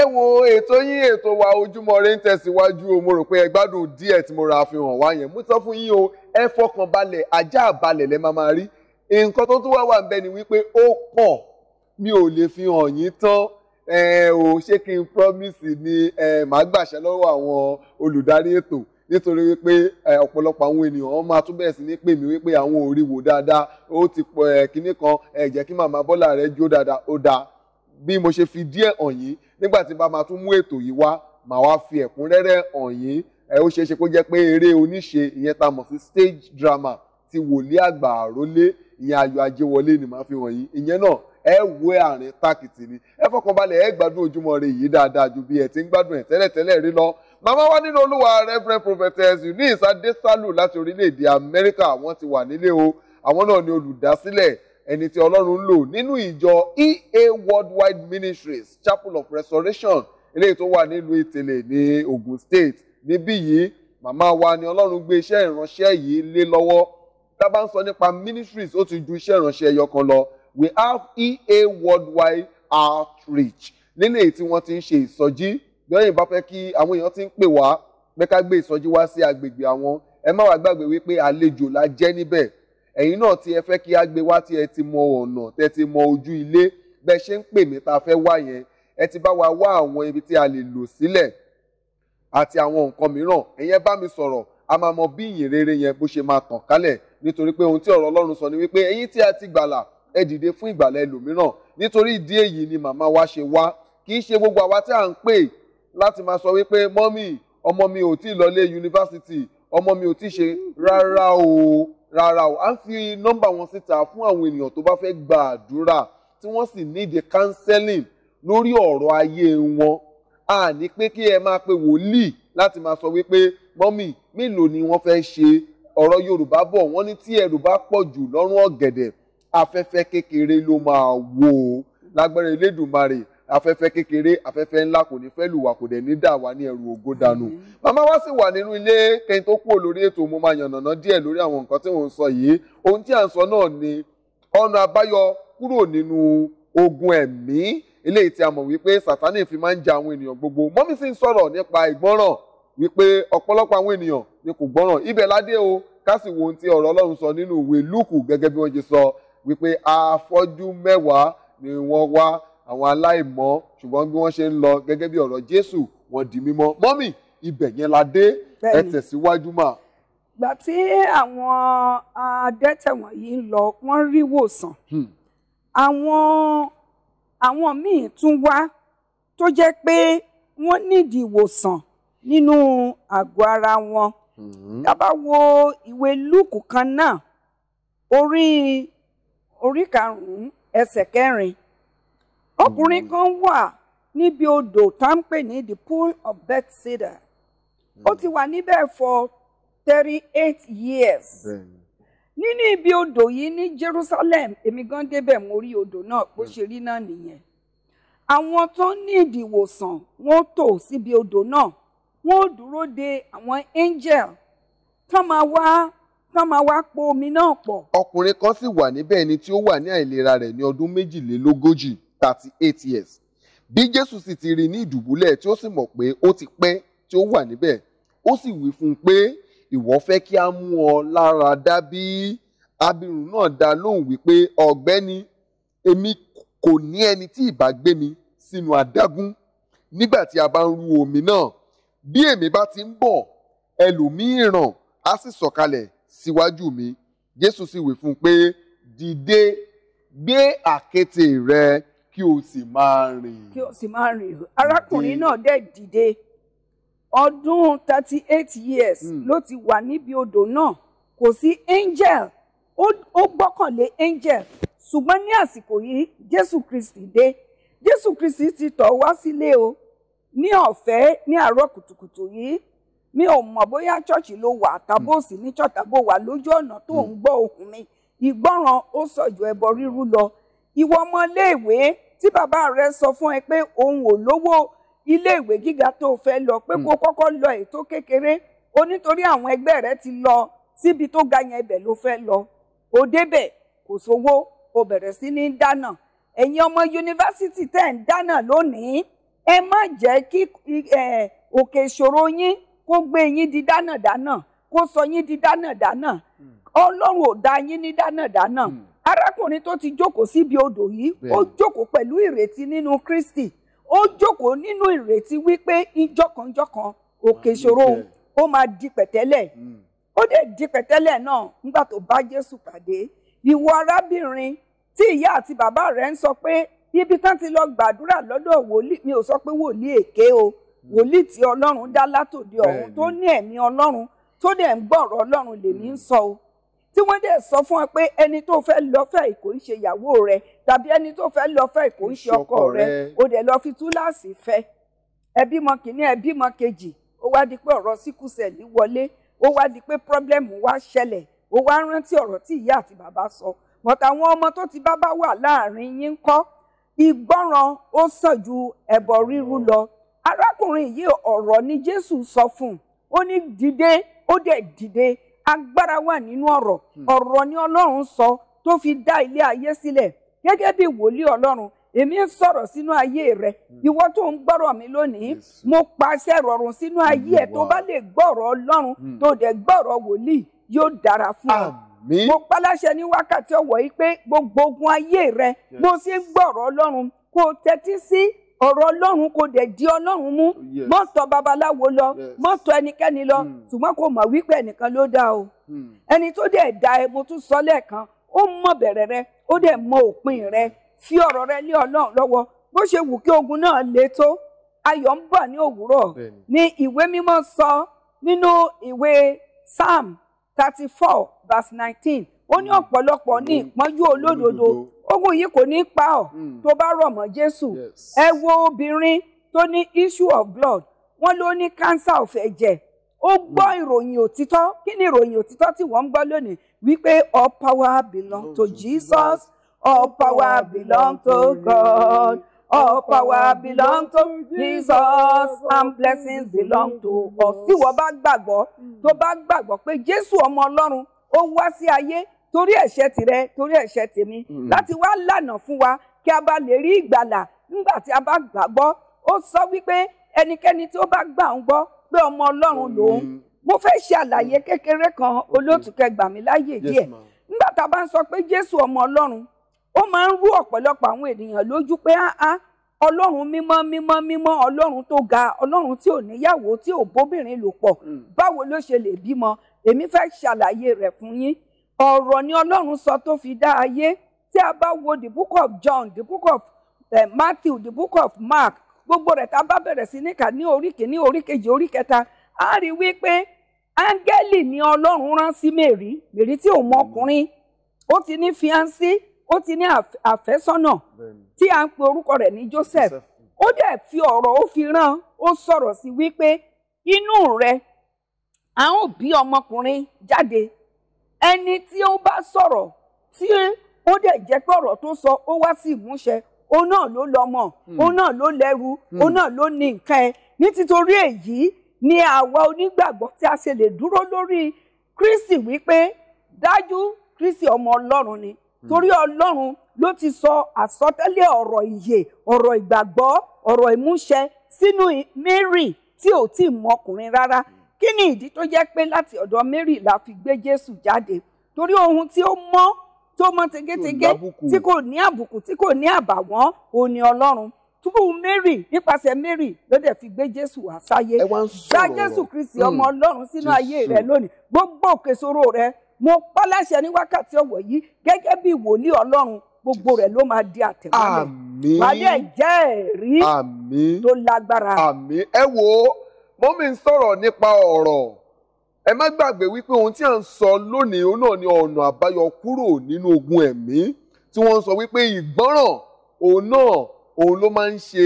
ẹ wo ètò yín ètò wa ojúmọ́ rẹ ń tẹ̀síwájú o mo rò pé ẹ gbádùn díẹ̀ tí mo ra àfihàn wá yẹn mo sọ fún yín o ẹ fọkàn balẹ̀ ajá balẹ̀ lẹ máa máa rí nǹkan tó tún wá wà níbẹ̀ ni wípé ó pọ̀ mi ò lè fi hàn yín tán ẹ ò ṣé kí n promise ni ẹ màá gbàṣẹ lọ́wọ́ àwọn olùdarí ètò nítorí wípé ọ̀pọ̀lọpọ̀ àwọn ènìyàn wọn máa tún bẹ̀rẹ̀ sí ní pè mí wípé àwọn ò rí wò dáadáa ó ti pọ̀ ẹ̀ kínní kan ẹ̀ jẹ́ kí màmá Bọ́lá rẹ̀ jó dáadáa ó dáa bí mo ṣe fi díẹ̀ hàn yín nígbà tí bá máa tún mú ètò yìí wá màá wá fi ẹ̀kúnrẹ́rẹ́ hàn yín ẹ ó ṣeéṣe kó jẹ́ pé eré oníṣe ìyẹn tá mọ̀ sí stage drama ti wòlíì àgbà àrólé ìyẹn ayọ̀ ajéwọlé ni màá fi hàn yín ìyẹn náà ẹ wo àárín tákìtì ni ẹ fọkànbalẹ̀ ẹ gbádùn Ojúmọ́ Ire yìí dáadáa ju bí ẹ ti ń gbádùn ẹ tẹ́lẹ̀tẹ́lẹ̀ rí lọ màmá wa nínú olúwa reverend prophetess eunice adesolu láti orílẹ̀-èdè amẹ́ríkà wọ́n ti wà nílé o àwọn náà ni olùdásílẹ̀ ẹni tí ọlọ́run ń lò nínú ìjọ EA Worldwide Ministries Chapel of Restoration eléyìí tó wà nílùú ìtẹ̀lẹ̀ ní Ogun State níbí yìí màmá wa ni ọlọ́run gbé iṣẹ́ ìránṣẹ́ yìí lé lọ́wọ́ tá a bá ń sọ nípa ministries ó ti ju iṣẹ́ ìránṣẹ́ ẹyọ lọ we have EA Worldwide Outreach nínú èyí tí wọ́n ti ń ṣe ìsọjí lẹ́yìn bá fẹ́ kí àwọn èèyàn ti ń pè wá pé ká gbé ìsọjí wá sí agbègbè àwọn ẹ má wàá gbàgbé wípé àlejò la jẹ́ níbẹ̀ ẹ̀yin náà tí ẹ fẹ́ kí á gbé wá tí ẹ ti mọ ọ̀nà tẹ́ ti mọ ojú ilé bẹ́ẹ̀ ṣe ń pè mí tá a fẹ́ wá yẹn ẹ ti bá wa wá àwọn ibi tí a lè lò sílẹ̀ àti àwọn nǹkan mìíràn ẹ̀yẹn bá mi sọ̀rọ̀ a máa mọ bí ìyìn rere yẹn bó ṣe máa tàn kálẹ̀ nítorí pé ohun tí ọ̀rọ̀ Ọlọ́run sọ ni wípé ẹ̀yin tí a ti gbàlà ẹ dìde fún ìgbàlà ẹlòmíràn nítorí ìdí èyí ni màmá wa ṣe wá kì í ṣe gbogbo àwa tí à ń pè láti máa sọ wípé mọ́mì ọmọ mi ò tí ì lọlé yunifásitì ọmọ mi ò tí ì ṣe rárá o rárá o à ń fi nọ́mbà wọn síta fún àwọn ènìyàn tó bá fẹ́ gba àdúrà tí wọ́n sì need counseling lórí ọ̀rọ̀ ayé wọn a ní pé kí ẹ máa pe wòlíì láti máa sọ wípé mọ́mì mélòó ni wọ́n fẹ́ ṣe ọ̀rọ̀ Yorùbá bọ̀ wọ́n ní tí ẹrù bá pọ̀ jù lọ́rùn ọ̀gẹ̀dẹ̀ afẹ́fẹ́ kékeré ló máa wò ó lágbára Elédùmarè afẹ́fẹ́ kékeré afẹ́fẹ́ ńlá kò ní fẹ́ lù wá kò dẹ̀ ní dà wá ní ẹrù ògo dànù. Mm-hmm. màmá wa sì wà nínú ilé kẹ́yìn tó kúrò lórí ètò mo máa yànnàná díẹ̀ lórí àwọn nǹkan tí mò ń sọ yìí ohun tí à ń sọ náà ni ọ̀nà àbáyọ kúrò nínú ogun ẹ̀mí eléyìí tí a wípé sàtánì fi máa ń ja àwọn ènìyàn gbogbo mọ́mí sì ń sọ̀rọ̀ nípa ìgbọ́ràn wípé ọ̀pọ̀lọpọ̀ àwọn ènìyàn ni kò gbọ́ràn ibẹ̀ ládé o ká sì wo ohun tí ọ̀rọ̀ Ọlọ́run sọ nínú ìwé Lúùkù gẹ́gẹ́ bí wọ́n ṣe sọ wípé afọ́jú mẹ́wàá ni wọ́n wá àwọn aláìmọ́ ṣùgbọ́n bí wọ́n ṣe ń lọ gẹ́gẹ́ bí ọ̀rọ̀ Jésù wọ́n di mímọ́ mọ́mì ibẹ̀ yẹn la dé ẹ tẹ̀síwájú mà. gbà tí àwọn adẹ́tẹ̀ wọ̀nyí ń lọ wọ́n rí wòsàn hmm. àwọn àwọn míì tún wá tó jẹ́ pé wọ́n nídìí ìwòsàn nínú àgọ́ ara wọn. Hmm. tá bá wo ìwé Lúùkù kan náà orí orí karùnún ẹsẹ̀ kẹrin ọkùnrin kan wà níbi odò tá ń pè ní the pool of Bethesda ó ti wà níbẹ̀ for thirty eight years nínú ibi odò yìí ní Jerusalem èmi gan débẹ̀ mo rí odò náà bó ṣe rí náà nìyẹn àwọn tó ní ìdìwòsàn wọ́n tò síbi odò náà wọ́n dúró de àwọn angel tán máa wá tán máa wá po omi náà pọ̀. ọkùnrin kan sì wà níbẹ̀ ẹni tí ó wà ní àìlera rẹ̀ ní ọdún méjìlélógójì thirty eight years bí jésù sì ti rí ní ìdùbúlẹ̀ tí ó sì mọ̀ pé ó ti pẹ́ tí ó wà níbẹ̀ ó sì wí fún un pé ìwọ fẹ́ kí a mú ọ lára dá bí abirùn náà dá lóhùn wípé ọ̀gbẹ́ni èmi kò ní ẹni tí ìbá gbé mi sínú adágún nígbà tí a bá ń ru omi náà bí èmi bá ti ń bọ̀ ẹlòmíràn á sì sọ̀kalẹ̀ síwájú mi jésù sì wí fún un pé dìde gbé àkéte rẹ kí o sì máa rìn. kí o sì máa rìn arákùnrin náà dẹ̀ dìde ọdún thirty eight years mm. ló ti wà níbi odò náà kò sí angel ó gbọ́kànlé angel ṣùgbọ́n ní àsìkò yìí jésù kristi dé jésù kristi ti tọ̀ wá sílé o ní ọ̀fẹ́ ní àárọ̀ kùtùkùtù yìí mi ò mọ̀ bóyá ṣọ́ọ̀ṣì ló wà tàbó sì ní ṣọ́ọ̀tàbó wà lójú ọ̀nà tó hmm. ń gbọ́ ohùn mi ìgbọ́ràn ó sọ̀jọ̀ ẹbọ rírú lọ ìwọ ọmọléèwé tí bàbá rẹ sọ fún ẹ pé òun ò lówó iléèwé gíga tó o fẹ́ lọ pé hmm. kó kọ́kọ́ lọ ètò kékeré o nítorí àwọn ẹgbẹ́ rẹ ti lọ síbi tó ga yẹn ibẹ̀ ló fẹ́ lọ o débẹ̀ kò sówó o bẹ̀rẹ̀ sí ní dáná ẹ̀yin ọmọ yunifásitì tẹ́ ń dáná lónìí ẹ má jẹ́ kí òkè ìṣòro yín kó gbé yín di dáná dáná kó sọ yín di dáná dáná hmm. ọlọ́run ò dá yín ní dáná dáná. Hmm arákùnrin tó ti jókòó síbi odò yìí ó jókòó pẹ̀lú ìrètí nínú Kristi ó jókòó nínú ìrètí wípé ìjọkànjọkàn òkè ìṣòro ó máa di pẹ̀tẹ́lẹ̀ hmm. ó dẹ̀ di pẹ̀tẹ́lẹ̀ náà nígbà tó bá Jésù pàdé ìwọ arábìnrin tí ìyá àti bàbá rẹ̀ ń sọ pé ibi tán ti lọ gbàdúrà lọ́dọ̀ wòlíì mi ò sọ pé wòlíì èké o hmm. wòlíì tí Ọlọ́run dá látòde ọ̀run tó ní ẹ̀mí Ọlọ́run tó dẹ̀ ń gbọ́rọ̀ Ọlọ́run lèmi ń sọ o tí wọ́n dẹ̀ sọ fún ọ pé ẹni tó fẹ́ lọ́fẹ́ ìkó ń ṣe ìyàwó rẹ tàbí ẹni tó fẹ́ lọ́fẹ́ ìkó ń ṣe ọkọ rẹ o dẹ̀ lọ fi túláàsì fẹ́ ẹ bímọ kìíní ẹ bímọ kejì ó wá di pé ọ̀rọ̀ síkúsẹ̀lì wọlé ó wá di pé pírọ́blẹ́mù wá ṣẹlẹ̀ ó wá rántí ọ̀rọ̀ tí ìyá àti bàbá sọ but àwọn ọmọ tó ti bá bá wà láàrin yín ń kọ́ ìgbọ́ràn ó sàn ju ẹbọ rírú lọ arákùnrin yìí ọ̀rọ̀ ni Jésù sọ fún un ó ní dìde ó dẹ̀ dìde agbára wà nínú ọ̀rọ̀ hmm. ọ̀rọ̀ ni ọlọ́run sọ tó fi dá ilé ayé sílẹ̀ gẹ́gẹ́ bí wòlíì ọlọ́run èmi ń sọ̀rọ̀ sínú ayé rẹ hmm. ìwọ tó ń gbọ́rọ̀ mi lónìí mo pàṣẹ rọrùn sínú ayé ẹ hmm. tó bá lè gbọ́rọ̀ ọlọ́run tó dẹ̀ gbọ́rọ̀ wòlíì yóò dára fún ọ mo paláṣẹ ní wákàtí ọwọ́ yìí pé gbogbo ogun ayé rẹ bó ṣe gbọ́rọ̀ ọlọ́run kó tẹ́tí sí ọ̀rọ̀ ọlọ́run kò dẹ̀ di ọlọ́run mú mọ́tọ̀ babaláwo lọ mọ́tọ̀ ẹnikẹ́ni lọ hmm. ṣùgbọ́n kò mọ̀ wípé ẹnìkan ló dá o hmm. ẹni tó dẹ̀ dá ẹ mo tún sọ lẹ́ẹ̀kan ó mọ bẹ̀rẹ̀ rẹ ó dẹ̀ mọ òpin rẹ fi ọ̀rọ̀ rẹ lé ọlọ́run lọ́wọ́ bó ṣe wù kí ogun náà le tó ayọ̀ ń bọ̀ ní òwúrọ̀ ní ìwé mímọ́ sọ nínú ìwé psalm thirty four verse nineteen ó ní ọ̀pọ̀lọpọ̀ ní mm. ìpọ́njú olódodo ogun yìí kò ní pa ọ́ mm. tó bá rọ̀ mọ́ Jésù ẹ wo obìnrin tó ní issue of blood wọ́n ló ní cancer of ẹ̀jẹ̀ ó gbọ́ mm. ìròyìn òtítọ́ kí ni ìròyìn òtítọ́ tí wọ́n ń gbọ́ lónìí wípé all power belong to Jesus all power belong to God all power belong to Jesus and blessings belong to us tí wọ́n bá gbàgbọ́ tó bá gbàgbọ́ pé Jésù ọmọ Ọlọ́run ó wá sí ayé torí ẹ̀ṣẹ̀ tìrẹ torí ẹ̀ṣẹ̀ tèmi mm-hmm. láti wá lànà fún wa kí a bá lè rí ìgbàlà nígbà tí a bá gbàgbọ́ ó sọ wípé ẹnikẹ́ni tí ó bá gbà ń gbọ́ pé ọmọ ọlọ́run lòun mm-hmm. mo fẹ́ ṣe àlàyé mm-hmm. kékeré kan olóòtú kẹgbà mi láyè díẹ̀ nígbà tá a bá ń sọ pé jésù ọmọ ọlọ́run ó máa ń rú ọ̀pọ̀lọpọ̀ àwọn ènìyàn lójú pé áá ọlọ́run mímọ́ mímọ́ mímọ́ ọlọ́run tó ga ọlọ́run tí ò níyàwó tí ò bóbìnrin lò pọ̀ mm. báwo ló ṣe lè bímọ èmi fẹ́ ṣàlàyé rẹ̀ fún yín ọ̀rọ̀ ni ọlọ́run sọ tó fi dá ayé tí a bá wo the book of John the book of uh, Matthew the book of Mark gbogbo rẹ̀ tá a bá bẹ̀rẹ̀ sí ní kà ní orí kìíní orí kejì orí kẹta a rí i wípé áńgẹ́lì ni ọlọ́run rán sí Mary Mary tí ò mọ ọkùnrin ó ti ní fiancé ó ti ní àfẹ́sọ́nà tí a ń pe orúkọ rẹ̀ ní Joseph ó dẹ̀ fi ọ̀rọ̀ ó fi rán ó sọ̀rọ̀ sí wípé inú rẹ̀ a ó bí ọmọkùnrin jáde ẹni tí ó bá sọ̀rọ̀ tí ó dẹ̀ jẹ́ pé ọ̀rọ̀ tó sọ ó wá sí ìmúṣẹ òun náà ló lọ́mọ hmm. òun náà ló lẹ́rú hmm. òun náà ló ní nǹkan ẹ ní títorí èyí ni àwa onígbàgbọ́ tí a ṣe lè dúró lórí Kristi wípé dájú Kristi ọmọ Ọlọ́run ni hmm. torí Ọlọ́run ló ti sọ àsọtẹ́lẹ̀ ọ̀rọ̀ ìyè ọ̀rọ̀ ìgbàgbọ́ ọ̀rọ̀ ìmúṣẹ sínú Mary tí ò tí ì mọ rárá kí ni ìdí tó jẹ́ pé láti ọ̀dọ̀ Mary la fi gbé Jésù jáde torí ohun tí ó mọ́ tó mọ́ tegetege tí kò ní àbùkù tí kò ní àbàwọ́n òun ni Ọlọ́run túbú Mary nípasẹ̀ Mary ló dẹ̀ fi gbé Jésù wá sáyé gba Jésù Kristi hmm. ọmọ Ọlọ́run sínú ayé rẹ lónìí gbogbo òkè sóró rẹ mo pọ́ láṣẹ ní wákàtí ọ̀wọ̀ yìí gẹ́gẹ́ bí wòlíì Ọlọ́run gbogbo rẹ̀ ló máa di àtẹ̀mọ́lẹ̀. àmín wàá jẹ́ ẹ̀rí tó lágbára. ẹ wo mọ́mí ń sọ̀rọ̀ nípa ọ̀rọ̀ ẹ má gbàgbé wípé ohun tí à ń sọ lónìí òun náà ni ọ̀nà àbáyọ kúrò nínú ogun ẹ̀mí tí wọ́n ń sọ wípé ìgbọ́ràn òun náà òun ló máa ń ṣe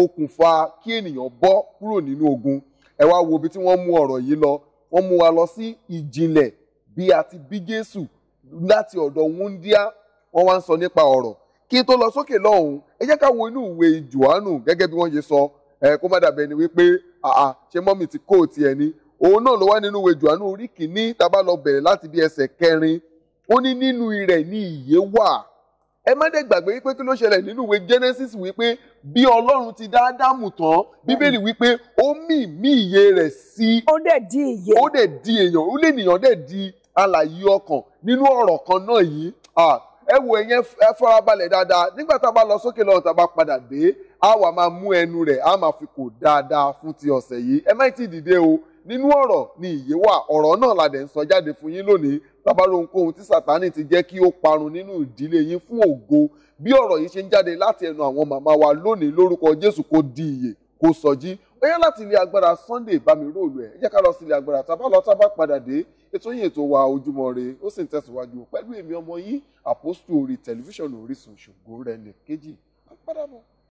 okùnfà kí ènìyàn bọ́ kúrò nínú ogun ẹ wá wo ibi tí wọ́n mú ọ̀rọ̀ yìí lọ wọ́n mú wa lọ sí ìjìnlẹ̀ bí a ti bí Jésù láti ọ̀dọ̀ wúndíá wọ́n wá ń sọ nípa ọ̀rọ̀ kí tó lọ sókè lọ́hùn ẹ jẹ́ ká wo inú ìwé Jòhánù gẹ́gẹ́ bí wọ́n ṣe sọ ẹ kó má dàbẹ̀ ni wípé àà ah, ah, ṣé mọ́mì ti kó tiẹ̀ ni òun náà ló wá nínú ìwé Jòhánù orí kìíní tá bá lọ bẹ̀rẹ̀ láti bí ẹsẹ̀ kẹrin ó ní nínú rẹ̀ ní ìyè wà ẹ má dẹ̀ gbàgbé wípé kí ló ṣẹlẹ̀ nínú ìwé Genesis wípé bí Ọlọ́run ti dá Ádámù tán Bíbélì hmm. wípé ó mì mí ìyè rẹ̀ sí. ó dẹ̀ di ìyè. ó dẹ̀ di èèyàn ó lè nìyàn dẹ̀ di alàyè ọkàn nínú ọ̀rọ̀ kan náà yìí ah, ẹ wo ẹ fọ́ra balẹ̀ dáadáa nígbà tá a bá lọ sókè lọ́wọ́ tá a bá padà dé a wà máa mú ẹnu rẹ̀ a máa fi kò dáadáa fún ti ọ̀sẹ̀ yìí ẹ má ti dìde o nínú ọ̀rọ̀ ni ìyè wà ọ̀rọ̀ náà la dẹ̀ ń sọ jáde fún yín lónìí tábàrò ohunkóhun tí sàtánì ti jẹ́ kí ó parun nínú ìdílé yín fún ògo bí ọ̀rọ̀ yìí ṣe ń jáde láti ẹnu àwọn màmá wa lónìí lórúkọ Jésù kó di ìyè kó sọjí ó yá láti ilé agbára Sunday bámi róòlù ẹ̀ ẹ jẹ́ ká lọ sí ilé agbára tá a bá lọ tá a bá padà dé ètò yìí ètò wa ojúmọ́ re ó sì ń tẹ̀síwájú pẹ̀lú èmi ọmọ yín àpòstù orí tẹlifíṣàn Orísun ṣògo rẹ̀ nìkejì á padà bọ̀.